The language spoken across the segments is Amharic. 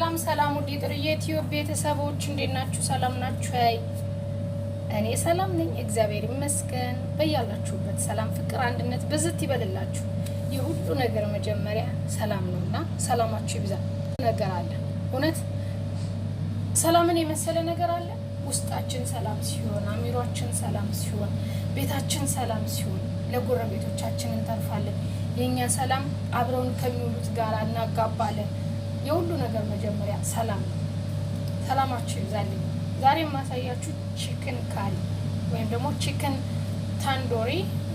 ሰላም ሰላም፣ ውድ የጥሩዬ ዩቲዩብ ቤተሰቦች እንዴት ናችሁ? ሰላም ናችሁ? አይ እኔ ሰላም ነኝ፣ እግዚአብሔር ይመስገን። በያላችሁበት ሰላም፣ ፍቅር፣ አንድነት ብዝት ይበልላችሁ። የሁሉ ነገር መጀመሪያ ሰላም ነው እና ሰላማችሁ ይብዛ። ነገር አለ እውነት ሰላምን የመሰለ ነገር አለ። ውስጣችን ሰላም ሲሆን፣ አሚሯችን ሰላም ሲሆን፣ ቤታችን ሰላም ሲሆን፣ ለጎረቤቶቻችን እንተርፋለን። የእኛ ሰላም አብረውን ከሚውሉት ጋር እናጋባለን። የሁሉ ነገር መጀመሪያ ሰላም ነው። ሰላማችሁ ይብዛልኝ። ዛሬ የማሳያችሁ ቺክን ካሪ ወይም ደግሞ ቺክን ታንዶሪ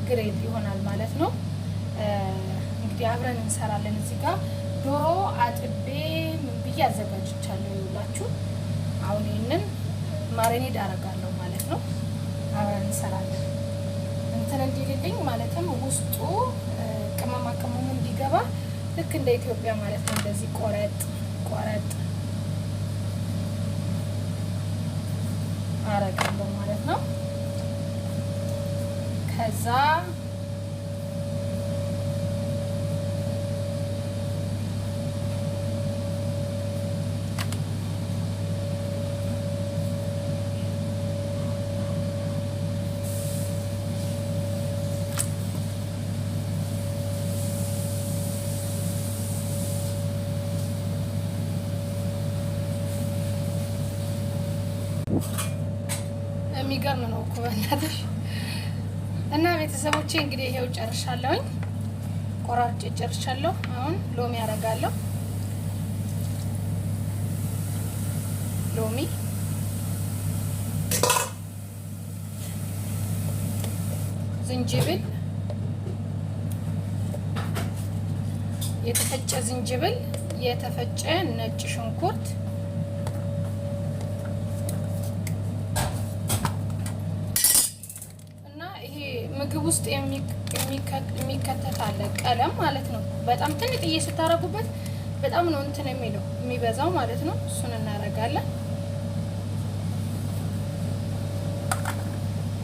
ግሬት ይሆናል ማለት ነው። እንግዲህ አብረን እንሰራለን። እዚህ ጋር ዶሮ አጥቤ ምን ብዬ አዘጋጅቻለሁ ይውላችሁ። አሁን ይህንን ማሪኔድ አደርጋለሁ ማለት ነው። አብረን እንሰራለን እንትን እንዲልልኝ ማለትም ውስጡ ቅመማ ቅመሙ እንዲገባ ልክ እንደ ኢትዮጵያ ማለት ነው። እንደዚህ ቆረጥ ቆረጥ አረጋለሁ ማለት ነው ከዛ የሚገርም ነው እኮ በእናትሽ። እና ቤተሰቦቼ እንግዲህ ይሄው ጨርሻለሁኝ፣ ቆራርጬ ጨርሻለሁ። አሁን ሎሚ አደርጋለሁ። ሎሚ ዝንጅብል የተፈጨ ዝንጅብል፣ የተፈጨ ነጭ ሽንኩርት ውስጥ የሚከተት አለ ቀለም ማለት ነው። በጣም ትንጥዬ ስታረጉበት በጣም ነው እንትን የሚለው የሚበዛው ማለት ነው። እሱን እናደርጋለን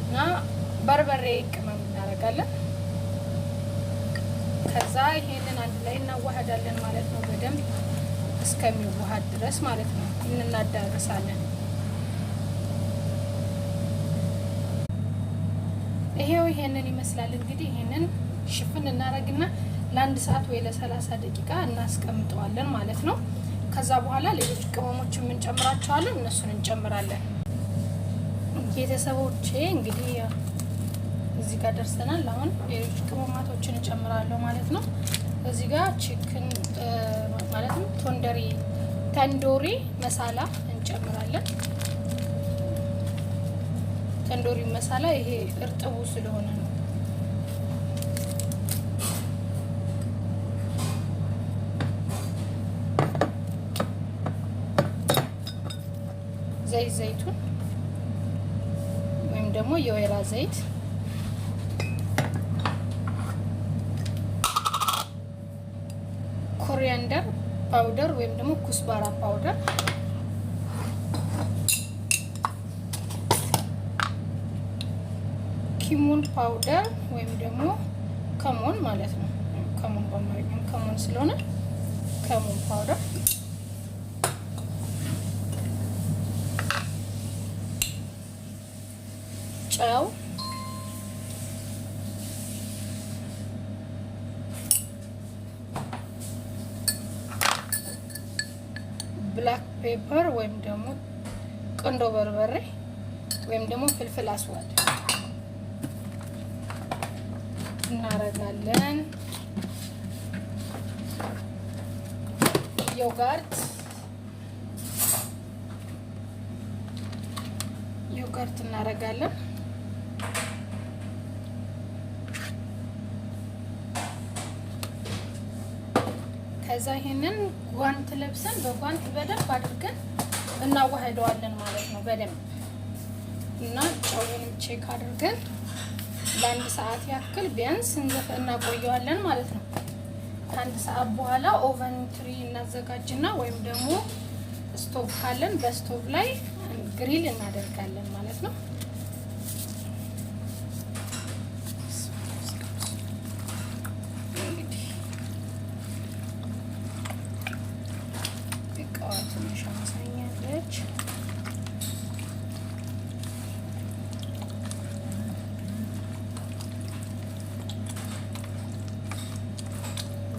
እና በርበሬ ቅመም እናደርጋለን። ከዛ ይሄንን አንድ ላይ እናዋሃዳለን ማለት ነው። በደንብ እስከሚዋሃድ ድረስ ማለት ነው እንናዳርሳለን። ይሄው ይሄንን ይመስላል እንግዲህ። ይሄንን ሽፍን እናረግና ለአንድ ሰዓት ወይ ለሰላሳ ደቂቃ እናስቀምጠዋለን ማለት ነው። ከዛ በኋላ ሌሎች ቅመሞች የምንጨምራቸዋለን እነሱን እንጨምራለን። ቤተሰቦቼ እንግዲህ እዚህ ጋር ደርሰናል። አሁን ሌሎች ቅመማቶችን እንጨምራለሁ ማለት ነው። እዚህ ጋር ቺክን ማለትም ቶንደሪ ተንዶሪ መሳላ እንጨምራለን። ቀንዶሪ መሳላ ይሄ እርጥቡ ስለሆነ ነው። ዘይት ዘይቱን ወይም ደግሞ የወይራ ዘይት ኮሪያንደር ፓውደር ወይም ደግሞ ኩስባራ ፓውደር ኪሙን ፓውደር ወይም ደግሞ ከሞን ማለት ነው። ከሞን በአማርኛም ከሞን ስለሆነ ከሞን ፓውደር ጨው ብላክ ፔፐር ወይም ደግሞ ቅንዶ በርበሬ ወይም ደግሞ ፍልፍል አስዋድ እናረጋለን። ዮጋርት ዮጋርት እናረጋለን። ከዛ ይሄንን ጓንት ለብሰን በጓንት በደንብ አድርገን እናዋህደዋለን ማለት ነው። በደንብ እና ጨውንም ቼክ አድርገን ለአንድ ሰዓት ያክል ቢያንስ እናቆየዋለን ማለት ነው። ከአንድ ሰዓት በኋላ ኦቨን ትሪ እናዘጋጅና ወይም ደግሞ ስቶቭ ካለን በስቶቭ ላይ ግሪል እናደርጋለን ማለት ነው።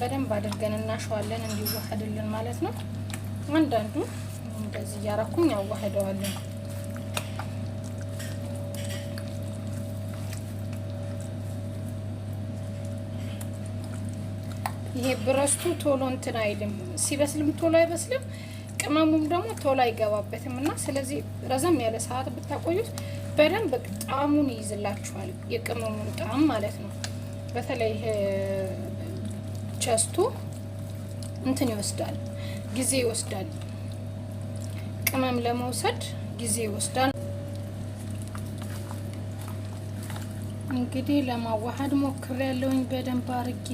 በደንብ አድርገን እናሸዋለን እንዲዋሃድልን ማለት ነው። አንዳንዱ እንደዚህ እያረኩኝ ያዋህደዋለን። ይሄ ብረስቱ ቶሎ እንትን አይልም፣ ሲበስልም ቶሎ አይበስልም፣ ቅመሙም ደግሞ ቶሎ አይገባበትም እና ስለዚህ ረዘም ያለ ሰዓት ብታቆዩት በደንብ ጣዕሙን ይይዝላችኋል፣ የቅመሙን ጣዕም ማለት ነው። በተለይ ቸስቱ እንትን ይወስዳል፣ ጊዜ ይወስዳል። ቅመም ለመውሰድ ጊዜ ይወስዳል። እንግዲህ ለማዋሃድ ሞክር ያለውኝ በደንብ አርጌ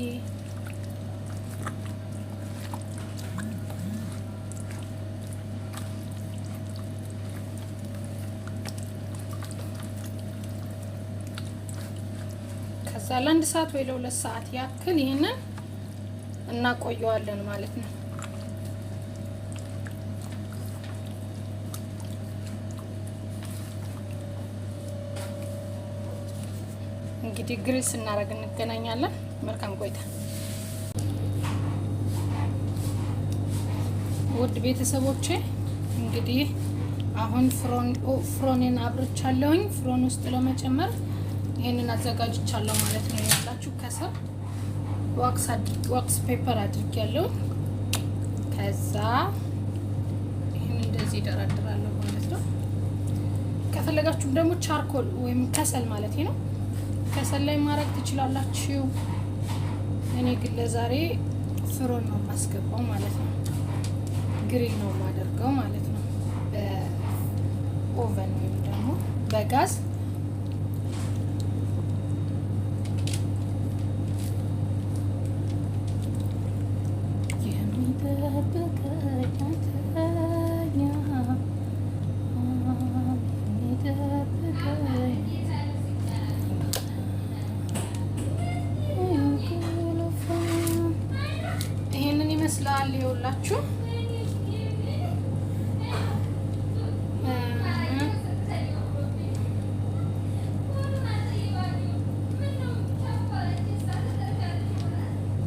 ከዛ ለአንድ ሰዓት ወይ ለሁለት ሰዓት ያክል ይህንን እናቆየዋለን ማለት ነው። እንግዲህ ግሪል ስናደረግ እንገናኛለን። መልካም ቆይታ ውድ ቤተሰቦቼ። እንግዲህ አሁን ፍሮኔን አብርቻለሁኝ። ፍሮን ውስጥ ለመጨመር ይህንን አዘጋጅቻለሁ ማለት ነው። ያላችሁ ከሰብ ዋክስ ፔፐር አድርጌያለሁ። ከዛ ይህን እንደዚህ ይደረድራለሁ ማለት ነው። ከፈለጋችሁም ደግሞ ቻርኮል ወይም ከሰል ማለት ነው ከሰል ላይ ማድረግ ትችላላችሁ። እኔ ግን ለዛሬ ፍሮን ነው የማስገባው ማለት ነው። ግሪል ነው የማደርገው ማለት ነው። በኦቨን ወይም ደግሞ በጋዝ ይመስላል። ይኸውላችሁ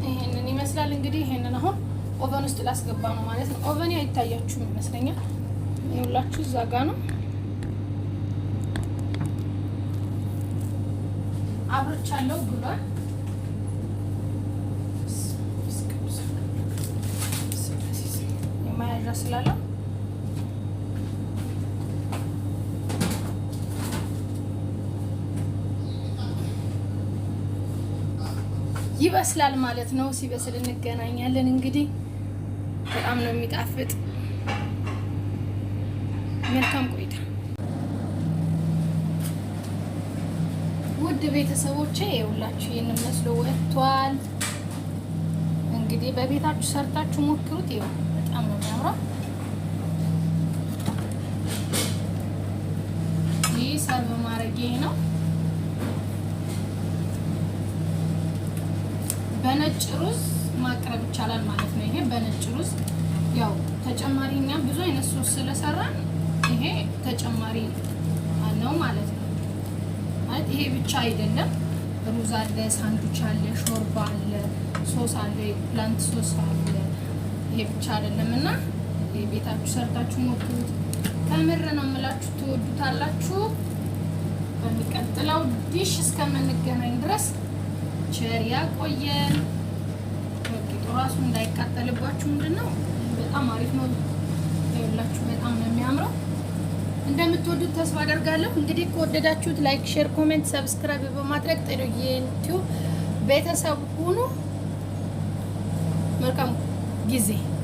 ይሄንን ይመስላል። እንግዲህ ይሄንን አሁን ኦቨን ውስጥ ላስገባ ነው ማለት ነው። ኦቨን አይታያችሁም ይመስለኛል። ይኸውላችሁ እዛ ጋ ነው አብርቻለሁ ብሏል። መያዣ ስላለው ይበስላል ማለት ነው። ሲበስል እንገናኛለን። እንግዲህ በጣም ነው የሚጣፍጥ። መልካም ቆይታ ውድ ቤተሰቦቼ። የሁላችሁ ይህን መስሎ ወጥቷል። እንግዲህ በቤታችሁ ሰርታችሁ ሞክሩት ይሆን በጣም ነው የሚያምረው። ይህ ሰርቭ ማድረግ ነው። በነጭ ሩዝ ማቅረብ ይቻላል ማለት ነው። ይሄ በነጭ ሩዝ ያው ተጨማሪ እኛ ብዙ አይነት ሶስ ስለሰራን ይሄ ተጨማሪ አለው ማለት ነው። ማለት ይሄ ብቻ አይደለም። ሩዝ አለ፣ ሳንዱች አለ፣ ሾርባ አለ፣ ሶስ አለ፣ ፕላንት ሶስ አለ ይሄ ብቻ አይደለም እና ቤታችሁ ሰርታችሁ ሞክሩት። ከምር ነው የምላችሁ፣ ትወዱታላችሁ። በሚቀጥለው ዲሽ እስከምንገናኝ ድረስ ቸር ያቆየን። ወቂጡ ራሱ እንዳይቃጠልባችሁ ምንድን ነው በጣም አሪፍ ነው ያላችሁ፣ በጣም ነው የሚያምረው። እንደምትወዱት ተስፋ አደርጋለሁ። እንግዲህ ከወደዳችሁት ላይክ፣ ሼር፣ ኮሜንት፣ ሰብስክራይብ በማድረግ ጥሩ የዩቲዩብ ቤተሰብ ሁኑ። መልካም gizinho.